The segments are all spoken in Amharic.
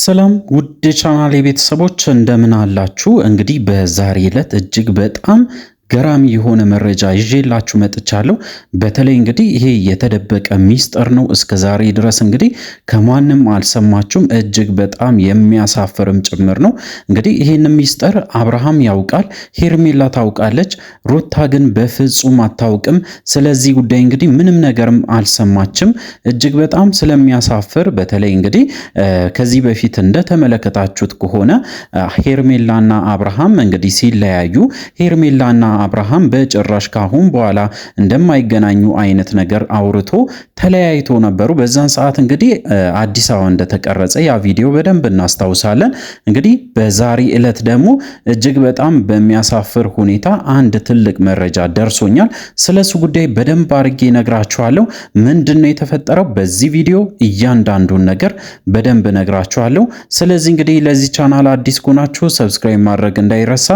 ሰላም ውድ የቻናል ቤተሰቦች እንደምን አላችሁ? እንግዲህ በዛሬ ዕለት እጅግ በጣም ገራሚ የሆነ መረጃ ይዤላችሁ መጥቻለሁ። በተለይ እንግዲህ ይሄ የተደበቀ ሚስጥር ነው። እስከ ዛሬ ድረስ እንግዲህ ከማንም አልሰማችሁም። እጅግ በጣም የሚያሳፍርም ጭምር ነው። እንግዲህ ይህን ሚስጥር አብርሃም ያውቃል፣ ሄርሜላ ታውቃለች፣ ሩታ ግን በፍጹም አታውቅም። ስለዚህ ጉዳይ እንግዲህ ምንም ነገርም አልሰማችም። እጅግ በጣም ስለሚያሳፍር በተለይ እንግዲህ ከዚህ በፊት እንደተመለከታችሁት ከሆነ ሄርሜላና አብርሃም እንግዲህ ሲለያዩ ሄርሜላና አብርሃም በጭራሽ ካሁን በኋላ እንደማይገናኙ አይነት ነገር አውርቶ ተለያይቶ ነበሩ። በዛን ሰዓት እንግዲህ አዲስ አበባ እንደተቀረጸ ያ ቪዲዮ በደንብ እናስታውሳለን። እንግዲህ በዛሬ ዕለት ደግሞ እጅግ በጣም በሚያሳፍር ሁኔታ አንድ ትልቅ መረጃ ደርሶኛል። ስለሱ ጉዳይ በደንብ አድርጌ ነግራችኋለሁ። ምንድን ነው የተፈጠረው? በዚህ ቪዲዮ እያንዳንዱን ነገር በደንብ ነግራችኋለሁ። ስለዚህ እንግዲህ ለዚህ ቻናል አዲስ ከሆናችሁ ሰብስክራይብ ማድረግ እንዳይረሳ፣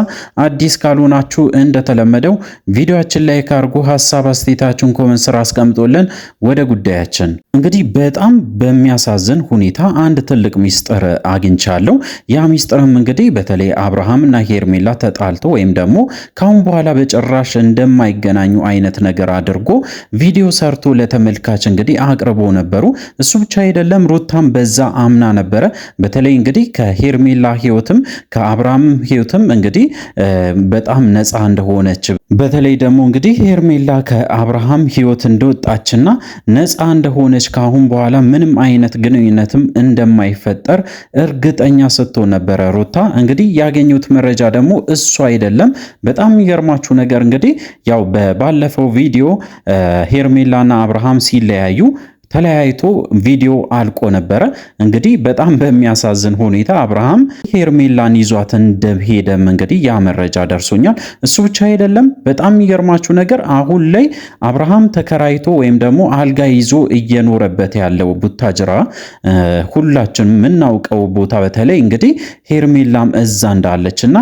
አዲስ ካልሆናችሁ እንደ እንደተለመደው ቪዲዮአችን ላይ ካርጎ ሀሳብ አስተያየታችሁን ኮመንት ስራ አስቀምጦልን ወደ ጉዳያችን እንግዲህ በጣም በሚያሳዝን ሁኔታ አንድ ትልቅ ሚስጥር አግኝቻለሁ። ያ ሚስጥርም እንግዲህ በተለይ አብርሃም እና ሄርሜላ ተጣልቶ ወይም ደግሞ ካሁን በኋላ በጭራሽ እንደማይገናኙ አይነት ነገር አድርጎ ቪዲዮ ሰርቶ ለተመልካች እንግዲህ አቅርቦ ነበሩ። እሱ ብቻ አይደለም፣ ሩታም በዛ አምና ነበረ። በተለይ እንግዲህ ከሄርሜላ ህይወትም ከአብርሃም ህይወትም እንግዲህ በጣም ነፃ እንደሆነ ሆነች። በተለይ ደግሞ እንግዲህ ሄርሜላ ከአብርሃም ህይወት እንደወጣችና ነፃ እንደሆነች ካሁን በኋላ ምንም አይነት ግንኙነትም እንደማይፈጠር እርግጠኛ ስትሆን ነበረ ሩታ። እንግዲህ ያገኙት መረጃ ደግሞ እሱ አይደለም። በጣም የሚገርማችሁ ነገር እንግዲህ ያው በባለፈው ቪዲዮ ሄርሜላና አብርሃም ሲለያዩ ተለያይቶ ቪዲዮ አልቆ ነበረ። እንግዲህ በጣም በሚያሳዝን ሁኔታ አብርሃም ሄርሜላን ይዟት እንደሄደም እንግዲህ ያ መረጃ ደርሶኛል። እሱ ብቻ አይደለም። በጣም የሚገርማችሁ ነገር አሁን ላይ አብርሃም ተከራይቶ ወይም ደግሞ አልጋ ይዞ እየኖረበት ያለው ቡታጅራ ሁላችን የምናውቀው ቦታ በተለይ እንግዲህ ሄርሜላም እዛ እንዳለች እና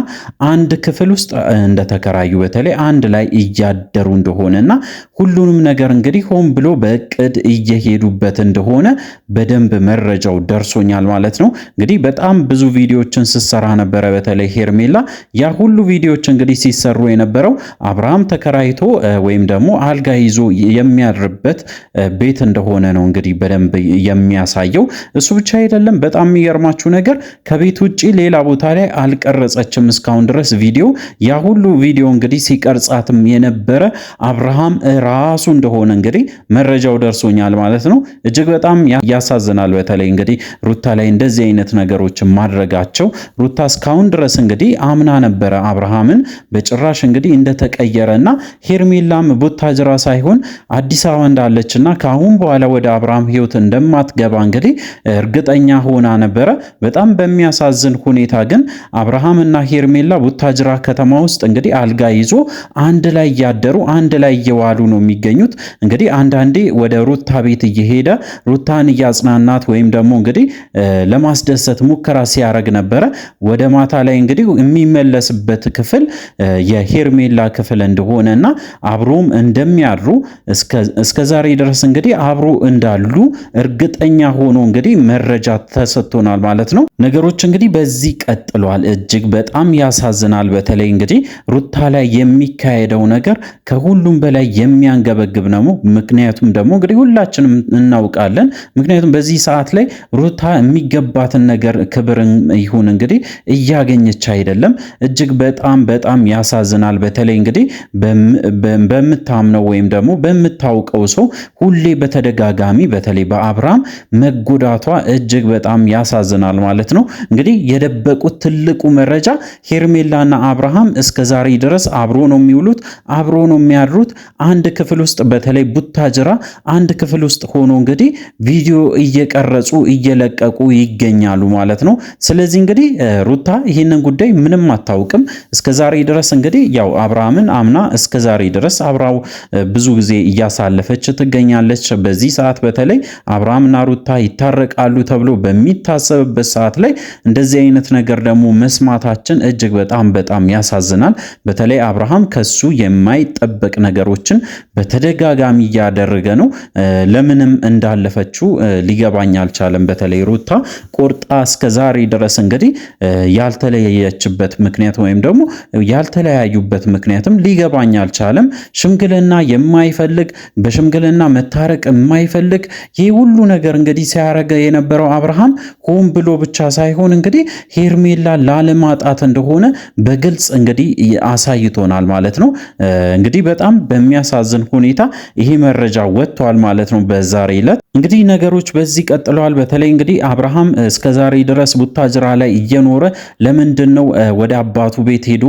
አንድ ክፍል ውስጥ እንደተከራዩ በተለይ አንድ ላይ እያደሩ እንደሆነ እና ሁሉንም ነገር እንግዲህ ሆን ብሎ በእቅድ እየሄዱ እየሄዱበት እንደሆነ በደንብ መረጃው ደርሶኛል ማለት ነው። እንግዲህ በጣም ብዙ ቪዲዮዎችን ስትሰራ ነበረ፣ በተለይ ሄርሜላ። ያ ሁሉ ቪዲዮዎች እንግዲህ ሲሰሩ የነበረው አብርሃም ተከራይቶ ወይም ደግሞ አልጋ ይዞ የሚያድርበት ቤት እንደሆነ ነው እንግዲህ በደንብ የሚያሳየው። እሱ ብቻ አይደለም። በጣም የሚገርማችሁ ነገር ከቤት ውጭ ሌላ ቦታ ላይ አልቀረጸችም እስካሁን ድረስ ቪዲዮ። ያ ሁሉ ቪዲዮ እንግዲህ ሲቀርጻትም የነበረ አብርሃም ራሱ እንደሆነ እንግዲህ መረጃው ደርሶኛል ማለት ነው። ነው። እጅግ በጣም ያሳዝናል። በተለይ እንግዲህ ሩታ ላይ እንደዚህ አይነት ነገሮችን ማድረጋቸው ሩታ እስካሁን ድረስ እንግዲህ አምና ነበረ አብርሃምን በጭራሽ እንግዲህ እንደተቀየረ እና ሄርሜላም ቡታጅራ ሳይሆን አዲስ አበባ እንዳለች እና ከአሁን በኋላ ወደ አብርሃም ህይወት እንደማትገባ እንግዲህ እርግጠኛ ሆና ነበረ። በጣም በሚያሳዝን ሁኔታ ግን አብርሃም እና ሄርሜላ ቡታጅራ ከተማ ውስጥ እንግዲህ አልጋ ይዞ አንድ ላይ እያደሩ አንድ ላይ እየዋሉ ነው የሚገኙት። እንግዲህ አንዳንዴ ወደ ሩታ ቤት እየሄደ ሩታን እያጽናናት ወይም ደግሞ እንግዲህ ለማስደሰት ሙከራ ሲያደርግ ነበረ። ወደ ማታ ላይ እንግዲህ የሚመለስበት ክፍል የሄርሜላ ክፍል እንደሆነ እና አብሮም እንደሚያድሩ እስከ ዛሬ ድረስ እንግዲህ አብሮ እንዳሉ እርግጠኛ ሆኖ እንግዲህ መረጃ ተሰጥቶናል ማለት ነው። ነገሮች እንግዲህ በዚህ ቀጥሏል። እጅግ በጣም ያሳዝናል። በተለይ እንግዲህ ሩታ ላይ የሚካሄደው ነገር ከሁሉም በላይ የሚያንገበግብ ነው። ምክንያቱም ደግሞ እንግዲህ ሁላችንም እናውቃለን። ምክንያቱም በዚህ ሰዓት ላይ ሩታ የሚገባትን ነገር ክብር ይሁን እንግዲህ እያገኘች አይደለም። እጅግ በጣም በጣም ያሳዝናል። በተለይ እንግዲህ በምታምነው ወይም ደግሞ በምታውቀው ሰው ሁሌ በተደጋጋሚ በተለይ በአብርሃም መጎዳቷ እጅግ በጣም ያሳዝናል ማለት ነው። እንግዲህ የደበቁት ትልቁ መረጃ ሄርሜላና አብርሃም እስከ ዛሬ ድረስ አብሮ ነው የሚውሉት፣ አብሮ ነው የሚያድሩት። አንድ ክፍል ውስጥ በተለይ ቡታጅራ አንድ ክፍል ውስጥ ሆኖ እንግዲህ ቪዲዮ እየቀረጹ እየለቀቁ ይገኛሉ ማለት ነው። ስለዚህ እንግዲህ ሩታ ይህንን ጉዳይ ምንም አታውቅም። ዛሬ ድረስ እንግዲህ ያው አብርሃምን አምና እስከ ዛሬ ድረስ አብራው ብዙ ጊዜ እያሳለፈች ትገኛለች። በዚህ ሰዓት በተለይ አብርሃምና ሩታ ይታረቃሉ ተብሎ በሚታሰብበት ሰዓት ላይ እንደዚህ አይነት ነገር ደግሞ መስማታችን እጅግ በጣም በጣም ያሳዝናል። በተለይ አብርሃም ከሱ የማይጠበቅ ነገሮችን በተደጋጋሚ እያደረገ ነው። ለምን እንደምንም እንዳለፈችው ሊገባኝ አልቻለም። በተለይ ሩታ ቁርጣ እስከ ዛሬ ድረስ እንግዲህ ያልተለያየችበት ምክንያት ወይም ደግሞ ያልተለያዩበት ምክንያትም ሊገባኝ አልቻለም። ሽምግልና የማይፈልግ በሽምግልና መታረቅ የማይፈልግ ይህ ሁሉ ነገር እንግዲህ ሲያረገ የነበረው አብርሃም ሆን ብሎ ብቻ ሳይሆን እንግዲህ ሄርሜላ ላለማጣት እንደሆነ በግልጽ እንግዲህ አሳይቶናል ማለት ነው። እንግዲህ በጣም በሚያሳዝን ሁኔታ ይሄ መረጃ ወጥቷል ማለት ነው። ዛሬ ዕለት እንግዲህ ነገሮች በዚህ ቀጥለዋል። በተለይ እንግዲህ አብርሃም እስከ ዛሬ ድረስ ቡታጅራ ላይ እየኖረ ለምንድን ነው ወደ አባቱ ቤት ሄዶ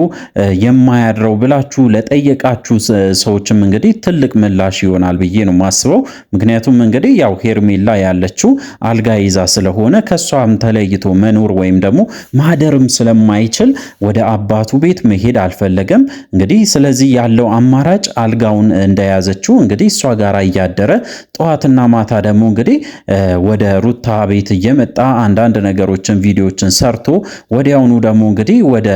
የማያድረው ብላችሁ ለጠየቃችሁ ሰዎችም እንግዲህ ትልቅ ምላሽ ይሆናል ብዬ ነው ማስበው ምክንያቱም እንግዲህ ያው ሄርሜላ ያለችው አልጋ ይዛ ስለሆነ ከሷም ተለይቶ መኖር ወይም ደግሞ ማደርም ስለማይችል ወደ አባቱ ቤት መሄድ አልፈለገም። እንግዲህ ስለዚህ ያለው አማራጭ አልጋውን እንደያዘችው እንግዲህ እሷ ጋር እያደረ ጠዋት ትናንትና ማታ ደግሞ እንግዲህ ወደ ሩታ ቤት እየመጣ አንዳንድ ነገሮችን ቪዲዮችን ሰርቶ ወዲያውኑ ደግሞ እንግዲህ ወደ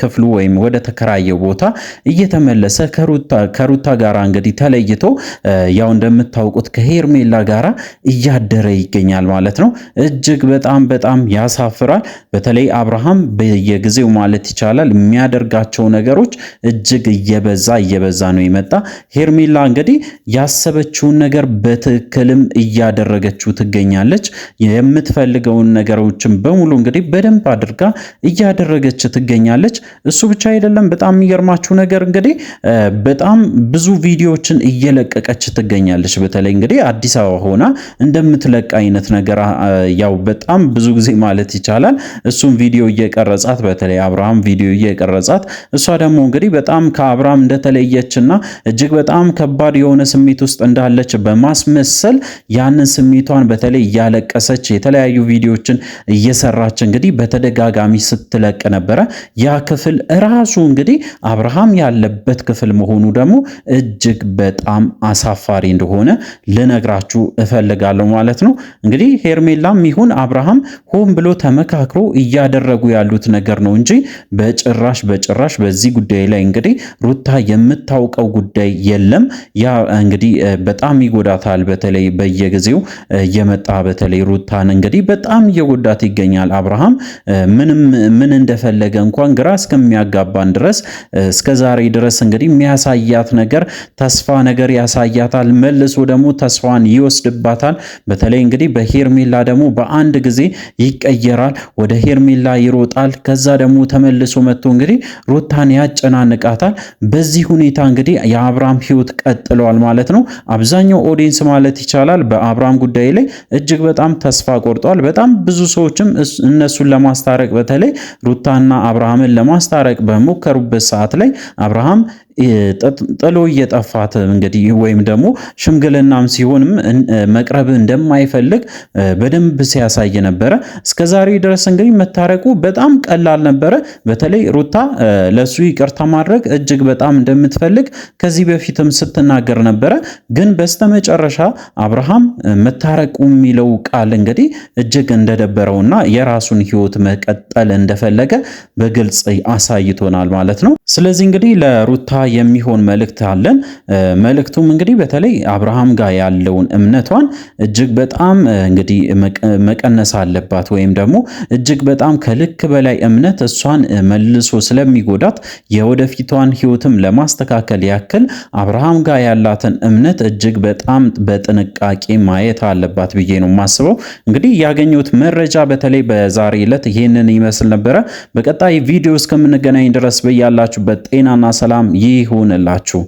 ክፍሉ ወይም ወደ ተከራየው ቦታ እየተመለሰ ከሩታ ጋር እንግዲህ ተለይቶ ያው እንደምታውቁት ከሄርሜላ ጋር እያደረ ይገኛል ማለት ነው። እጅግ በጣም በጣም ያሳፍራል። በተለይ አብርሃም በየጊዜው ማለት ይቻላል የሚያደርጋቸው ነገሮች እጅግ እየበዛ እየበዛ ነው የመጣ ሄርሜላ እንግዲህ ያሰበችውን ነገር በትክክልም እያደረገችው ትገኛለች። የምትፈልገውን ነገሮችን በሙሉ እንግዲህ በደንብ አድርጋ እያደረገች ትገኛለች። እሱ ብቻ አይደለም። በጣም የሚገርማችሁ ነገር እንግዲህ በጣም ብዙ ቪዲዮዎችን እየለቀቀች ትገኛለች። በተለይ እንግዲህ አዲስ አበባ ሆና እንደምትለቅ አይነት ነገር ያው በጣም ብዙ ጊዜ ማለት ይቻላል እሱም ቪዲዮ እየቀረጻት በተለይ አብርሃም ቪዲዮ እየቀረጻት እሷ ደግሞ እንግዲህ በጣም ከአብርሃም እንደተለየችና እጅግ በጣም ከባድ የሆነ ስሜት ውስጥ እንዳለች በማ በማስመሰል ያንን ስሜቷን በተለይ እያለቀሰች የተለያዩ ቪዲዮዎችን እየሰራች እንግዲህ በተደጋጋሚ ስትለቅ ነበረ። ያ ክፍል እራሱ እንግዲህ አብርሃም ያለበት ክፍል መሆኑ ደግሞ እጅግ በጣም አሳፋሪ እንደሆነ ልነግራችሁ እፈልጋለሁ ማለት ነው። እንግዲህ ሄርሜላም ይሁን አብርሃም ሆን ብሎ ተመካክሮ እያደረጉ ያሉት ነገር ነው እንጂ በጭራሽ በጭራሽ በዚህ ጉዳይ ላይ እንግዲህ ሩታ የምታውቀው ጉዳይ የለም። ያ እንግዲህ በጣም ይጎዳ ይጎዳታል። በተለይ በየጊዜው እየመጣ በተለይ ሩታን እንግዲህ በጣም እየጎዳት ይገኛል። አብርሃም ምንም ምን እንደፈለገ እንኳን ግራ እስከሚያጋባን ድረስ እስከ ዛሬ ድረስ እንግዲህ የሚያሳያት ነገር ተስፋ ነገር ያሳያታል፣ መልሶ ደግሞ ተስፋን ይወስድባታል። በተለይ እንግዲህ በሄርሜላ ደግሞ በአንድ ጊዜ ይቀየራል፣ ወደ ሄርሜላ ይሮጣል። ከዛ ደግሞ ተመልሶ መጥቶ እንግዲህ ሩታን ያጨናንቃታል። በዚህ ሁኔታ እንግዲህ የአብርሃም ህይወት ቀጥሏል ማለት ነው አብዛኛው ቤንስ ማለት ይቻላል በአብርሃም ጉዳይ ላይ እጅግ በጣም ተስፋ ቆርጧል። በጣም ብዙ ሰዎችም እነሱን ለማስታረቅ በተለይ ሩታና አብርሃምን ለማስታረቅ በሞከሩበት ሰዓት ላይ አብርሃም ጥሎ እየጠፋት እንግዲህ ወይም ደግሞ ሽምግልናም ሲሆንም መቅረብ እንደማይፈልግ በደንብ ሲያሳይ ነበረ። እስከ ዛሬ ድረስ እንግዲህ መታረቁ በጣም ቀላል ነበረ። በተለይ ሩታ ለሱ ይቅርታ ማድረግ እጅግ በጣም እንደምትፈልግ ከዚህ በፊትም ስትናገር ነበረ። ግን በስተመጨረሻ አብርሃም መታረቁ የሚለው ቃል እንግዲህ እጅግ እንደደበረውና የራሱን ሕይወት መቀጠል እንደፈለገ በግልጽ አሳይቶናል ማለት ነው። ስለዚህ እንግዲህ ለሩታ የሚሆን መልእክት አለን። መልእክቱም እንግዲህ በተለይ አብርሃም ጋር ያለውን እምነቷን እጅግ በጣም እንግዲህ መቀነስ አለባት ወይም ደግሞ እጅግ በጣም ከልክ በላይ እምነት እሷን መልሶ ስለሚጎዳት የወደፊቷን ህይወትም ለማስተካከል ያክል አብርሃም ጋር ያላትን እምነት እጅግ በጣም በጥንቃቄ ማየት አለባት ብዬ ነው የማስበው። እንግዲህ ያገኘሁት መረጃ በተለይ በዛሬ ዕለት ይህንን ይመስል ነበረ። በቀጣይ ቪዲዮ እስከምንገናኝ ድረስ በያላችሁበት ጤናና ሰላም ይሁንላችሁ።